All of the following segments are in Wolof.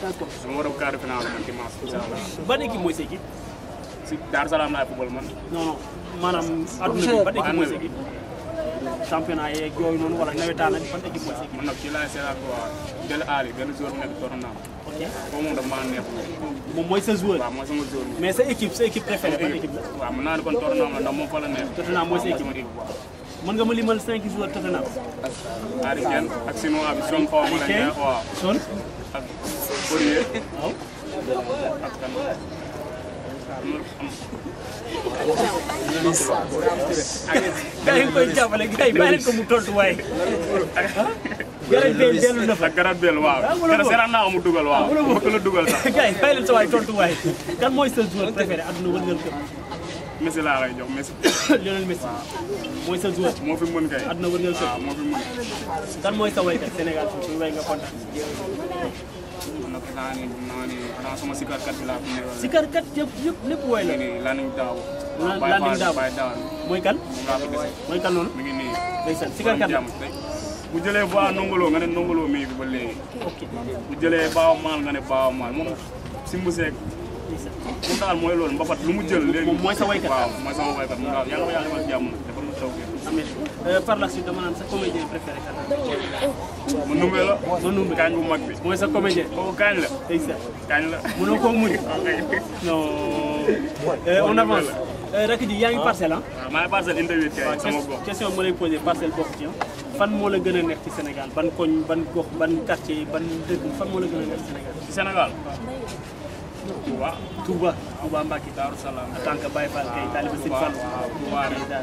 d'accord su ma war a quart de finale man dimanche incha allah. ban équipe mooy sa équipe. si Daaru Salaam laay football man. non non maanaam. adduna bi ban équipe mooy sa équipe. championnat yeeg yooyu noonu wala nawetaan ak ban équipe mooy sa équipe. man nag ci laay seetaan waa Jalle Ali benn joueur bu nekk Tottenham. ok moom dafa maa neex. moom mooy sa joueur. mais sa équipe sa équipe préférée ban équipe la. kon Tottenham la ndax moom fa la neex. mooy sa équipe mën nga ma limal 5 joueurs Tottenham. Harry Kane ak Sinoa bi son xaw ma la waaw. ak bërier ak kan gaa yi koy jàppale gaa yi bàyyi leen ko mu tontu waaye. garab beel dellu na fa garab beel waaw. garab seeraan naa mu dugal waaw. mu la dugal sax. gaa yi bàyyi leen sa waay tontu waaye. kan mooy sa joueur préféré àdduna wërngal këpp. Messi laa lay jox Messi. Lionel Messi. mooy sa joueur moo fi mën kay àdduna wër nga kër moo fi mën kan mooy sa waykat Sénégal su way nga kontaan nag naa ni naa ni xanaa sama sikarkat bi laa fi nekk sikarkat yëpp yëpp lépp woy la Landing Daaw Landing Daaw mooy kan mooy kan noonu mi ngi nii ndeysaan sikarkat la bu jëlee ba nongoloo nga ne nongoloo mii bi ba léegi bu jëlee baaw maal nga ne baaw maal moom simbu seek moom daal mooy loolu mbapat lu mu jël léegi mooy sa waykat waaw mooy sama waykat moom daal yàlla ko yàlla defal jàmm Eh, par la suite maanaam sa comédien préféré kan mu numbe la mu numbe kañ bu mag bi mooy sa comédien kooku kañ la exact non eh, on avance rak ji yaa ngi parcelle ah maa interview ci ah, sama gox question ma lay posé parcelle bokk ci fan moo la gën a ci Sénégal ban koñ ban gox ban quartier ban dëkk fan moo la gën a neex ci Sénégal ci Sénégal Touba Touba Touba Mbacke Darou Salam en tant que Baye Fall kay talibé Sine Fall Touba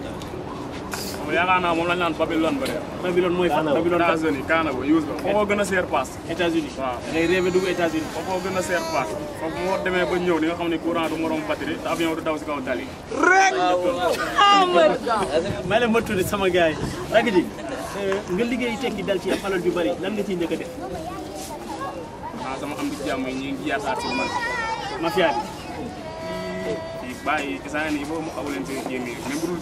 ba yaakaar naa moom lañ naan Babylone ba dee. Babylone mooy fan. Babylone États-Unis Kaana ba Yous ba. foofoo gën a seer paas. États-Unis waaw da ngay rêvé dugg États-Unis. foofoo gën a seer paas foofu moo demee ba ñëw di nga xam ne courant du morom batterie te avion du daw si kaw dali. rek amar ma leen ma sama gars yi rakk ji nga liggéey tekki dal ci am alal ju lan nga ciy njëkk a def. ah sama am di jàmm yi ñu ngi yaakaar ci man bàyyi instant yii boobu mu xaw leen seen jéem yi même bu dul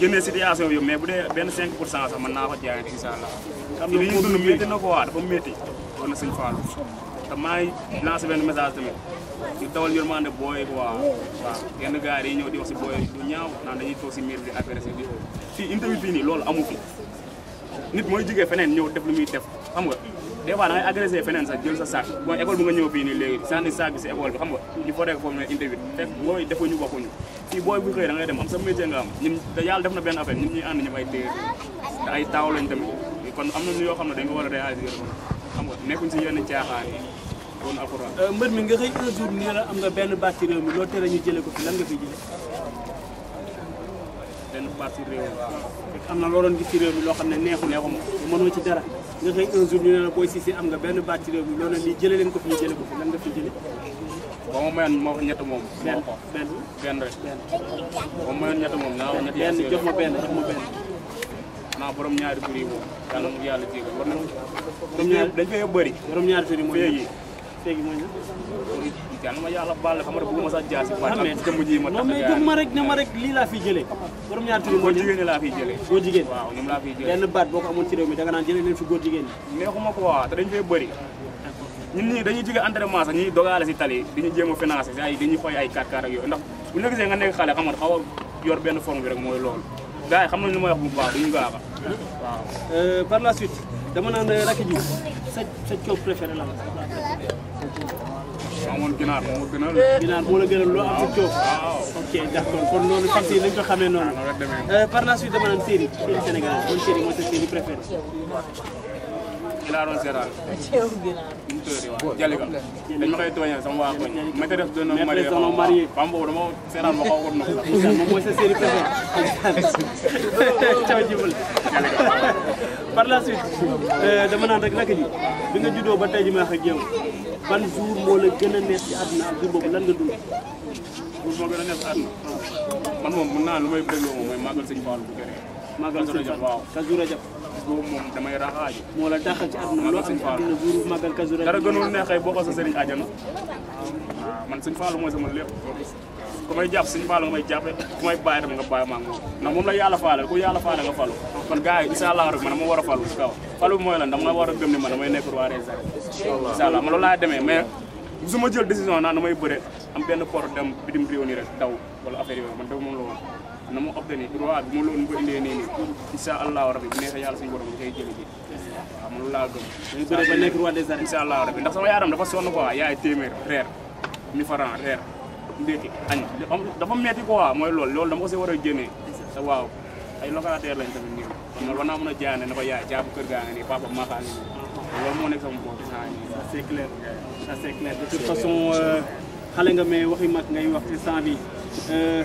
jëndee situation bi mais bu dee benn cinq pour cent sax mën naa ko jaayante incha allah. xam nga pour lu métti na ko waa dafa métti. war na sëñ Fallou te maa ngi lancé benn message tamit ñu dawal yërmande booy waa waaw yenn gars yi ñëw di wax si booy du ñaaw naan dañuy toog si miir bi affaire bi fii interview fii nii loolu amu fi nit mooy jigee feneen ñëw def lu muy def xam ga des fois da agressé feneen sax jël sa sac bon école bi nga ñëw fii nii léegi sànni sac bi si école bi xam nga ñu fa rekk foofu ne interview fekk booy dem am sa métier yàlla def na benn affaire ñun ñuy ànd ñëpp ay téer te ay taaw kon am na ñu yoo xam ne dañ ko war a réaliser xam nga nekkuñ si yenn caaxaan yi kon euh, mbër mi nga xëy un jour nii am nga benn baat ci réew ñu jële ko fi lan nga fi jële am na loo doon gis ci loo xam ne neexu neexu ma mënoo ci dara nga xëy un jour ñu ne la Boy Cissé am nga benn baat ci réew mi loolu leen ko fi ñu jëlee fi lan nga fi jëlee. boo ma mayoon ma wax ñett moom. benn benn rek. benn boo ñett moom naa borom ñaari tur yi moom. yàlla na yàlla jégal war na. borom ñaari dañ fee bëri. borom ñaari tur yi mooy feegi mooy lan. ma la xam nga bëgguma sax jaar si ma non mais jóg ma rek ne ma rek lii laa fiy jëlee. borom ñaar tur jigéen laa fiy jëlee. góor si tali di ñu jéem a financé si ay dañuy fay ay 4 4 ak yooyu ndax bu ñu gisee nga nekk xale xam nga xaw a yor benn forme bi rek mooy loolu gars yi xam nañ lu may wax bu baax duñu gaaxa waaw euh, par la suite dama naan rakk ji sa sa coow préféré la waaw moom ginaar moo gënal. Eh, ginaar moo la gënal loo am sa coow. ok d'accord kon loolu fii si nañu ko xamee noonu. Ah, euh, par la suite dama naan série série sénégalaise ban série mooy sa série préférée. laa doon seetaan. Jalika dañ ma koy tooñal sama waa koñ maîtresse d'un homme marié waaw waaw dama ma xaw ko noonu. moom mooy sa série par la suite euh, dama naan rek naka ji bi nga juddoo ba tey ma wax ban jour moo gën a neex ci àdduna boobu lan nga dund. jour moo gën a neex ci man moom mën naa lu may dégloo moom mooy màggal sëñ Fallou bu kere. màggal sëñ Fall Kazu Rajab boobu moom damay rax aajo moo la dàqal ci àdduna loo am ci àdduna buuru màggal Kazu Rajab dara gënul neexee boo ko sa sëriñ àjjana waaw man sëñ Fall mooy sama lépp ku may jàpp a Fall nga may jàppe ku nga bàyyi maa moom ndax moom la yàlla faale ku yàlla faale nga falu kon gars war a falu si kaw falu bi mooy lan dama war a gëm ne man damay nekk roi des arènes incha allah man loolu laa demee mais su ma jël décision naan damay bëre am benn port dem bitim réew nii rek na mu obtenir droit bi ma loolu ko indee nii nii incha allahu rabi bu neexee yàlla suñu borom ñu koy jëli ji waaw man laa gëm dañu bëre ba nekk roi des arènes incha allahu rabi ndax sama yaaram dafa sonn quoi yaay téeméer reer mi faran reer ndéki añ dafa metti quoi mooy loolu loolu dama ko si war a génnee te waaw ay locataire lañ tamit nii kon loolu war naa mën a jaane na ko yaay jaabu kër gaa nga nii papa maakaa ngi nii loolu moo nekk sama bopp saa nii ça c'est clair ça c'est clair de toute façon euh, xale nga mais waxi mag ngay wax instant bi euh,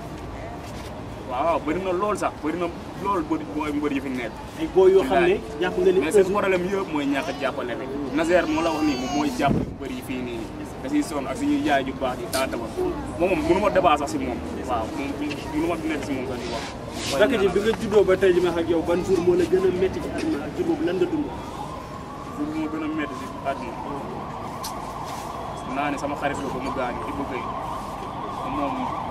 waaw bëri na lool sax bëri na lool bëri booy mbër yi fi nekk. ay góoy yoo xam ne jàpp nga ni mais a jàppale bi. Nazaire moo la wax nii moom mooy jàpp mbër yi fii nii da ciy sonn ak suñuy yaay ju baax yi taata ba moom mënu ma sax si moom. waaw mënu ma nekk si moom sax di wax. dakk ji bi nga ba tey ji ma wax ak yow ban jour moo la gën a métti ci àdduna ak jour boobu ma gën a métti naa ne sama xarit la ba mu gaañu di moom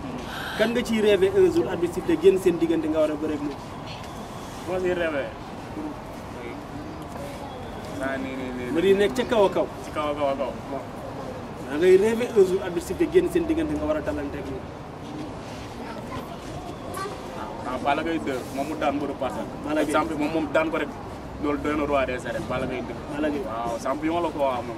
kan nga ya, ci rêvé eh, un jour adversité te génn seen diggante nga war a bëre ak moom. moo siy rêvé. naa nii nii nii. mbir nekk ca kaw a kaw. ci kaw a kaw a kaw. waaw da ngay rêvé un jour adversité te génn seen diggante nga war a talante ak moom. ah Balla Gaye 2 moom mu daan mbëru Parcelles. Balla ngay exemple moom moom daan ko rek loolu doy na roi des arènes Balla Gaye 2. Balla ngay waaw champion la ko waaw moom.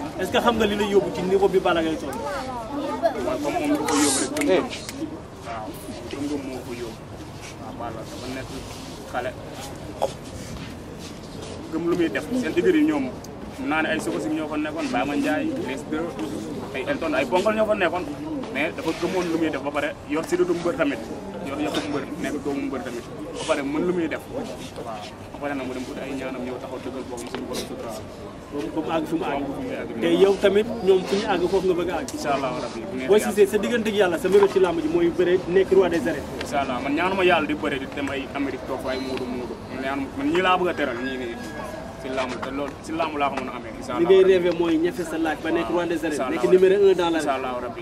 est que xam nga li lay yóbbu ci niveau bi Balla Gaye toll. waaw comme moom lu ko yóbbu rek gëm-gëm. waaw gëm yóbbu. waaw Balla dafa nekk xale. gëm lu muy def seen digër yi ñoom mun ay Sokosik ñoo fa nekkoon Bama Ndiaye les deux ay Elton ay Ponkal ñoo fa nekkoon. mais dafa gëmoon lu muy def ba pare yor si dudu mbër tamit yor yokku mbër nekk doomu mbër tamit ba pare mën lu muy def waaw ba pare nag mu dem ut ay ñaanam ñëw taxaw dëggal boobu suñu borom sutura boobu àgg fi mu àgg te yow tamit ñoom fu ñu àgg foofu nga bëgg a àgg incha allah rabbi boo gisee sa diggante ak yàlla di bëre di dem ay Amérique toog a teral ñii nii si làmb laa ko mën a amee li ngay rêvé mooy ñafe sa laaj ba nekk roi des arènes nekk numéro un dans l'arène incha allah rabbi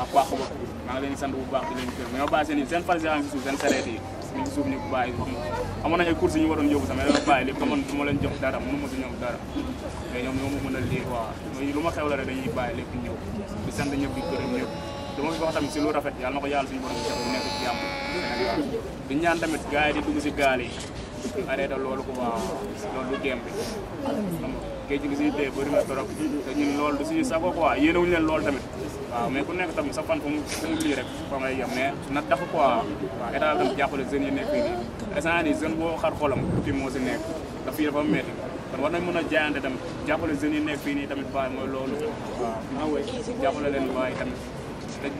a pàqu ba maa ngi leen di sant bu baax di leen gërëm dañoo bàyyi seen i seen farisi ngi si suuf seen sareet yi ñu si suuf ñu ko bàyyi lépp comme ma leen jox dara mënu a la rek dañuy bàyyi lépp ñëw di sant ñëpp ma fi wax si lu rafet na ko yàlla suñu borom def mu nekk ci jàmm di ñaan tamit arrêté loolu ko waaw loolu du géem bi géej gi suñu dee bëri na trop te ñun loolu du suñu sago quoi yéenewuñu leen loolu tamit waaw mais ku nekk tamit sa fan fu mu fu mu lii rek fa ngay yem mais tamit jàppale jeunes yi nekk fii nii boo xar xolam moo si nekk da fii dafa metti mën a jaayante tamit jàppale jeunes yi nekk fii nii tamit bàyyi mooy loolu waaw jàppale leen bàyyi tamit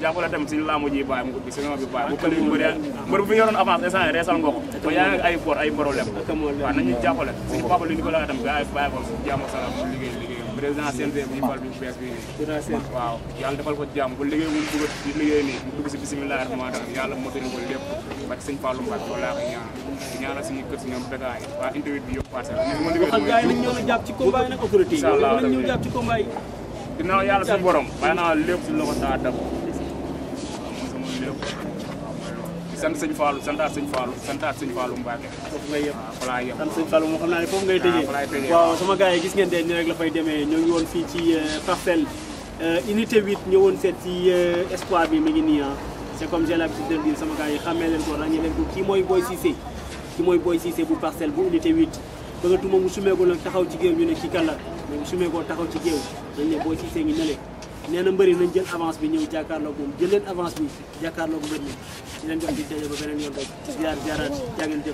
jàppale tamit suñu laamu ji bàyyi mu ubbi sinon bi bàyyi bu kële mbër mbër bu fi yoroon avance instant yi reesal nga ko ba yaa ngi ay bor ay problème waaw nañu jàppale suñu papa li ñu ko laaj tamit gars yi bàyyi ko jàmm salaam liggéey liggéey président CNG bi ñu fal bi bees bi nii waaw yàlla defal ko jàmm ba liggéey mu bëgg di liggéey nii mu dugg si bisimilah rahmaan rahim yàlla motali ko lépp ba ci sëñ Fallou Mbacke loolu laa koy ñaan ñaanal suñu kër si ñoom bégaa yi waa interview bi yëpp parcelle ginnaaw yàlla suñu borom bàyyi naa lépp si loxo saa dabo sant sëñ Fallou santaat sëñ Fallou santaat sëñ Fallou Mbacke foofu ngay yem waaw sant sëñ Fallou moo xam naa ne foofu ngay ah, tëjee waaw sama gars yi gis ngeen de ni rek la fay demee ñoo woon fii ci euh, Parcelles euh, unité 8 ñëwoon seet ci euh, espoir bi mu ngi nii ah c'est comme j'ai l'habitude de dire sama gars yi xàmmee leen ko ràññee leen ki mooy Boy Cissé kii mooy Boy Cissé bu Parcelles bu unité 8 bëggatu ma mu sumeekoo nag taxaw ci géew ñu ne kii kan la mais mu sumeekoo taxaw ci géew dañ ne nee na mbëri nañ jël avance bi ñëw jàkkaarloog moom jël avance bi jàkkaarloog mbër mi di leen jox di daje ba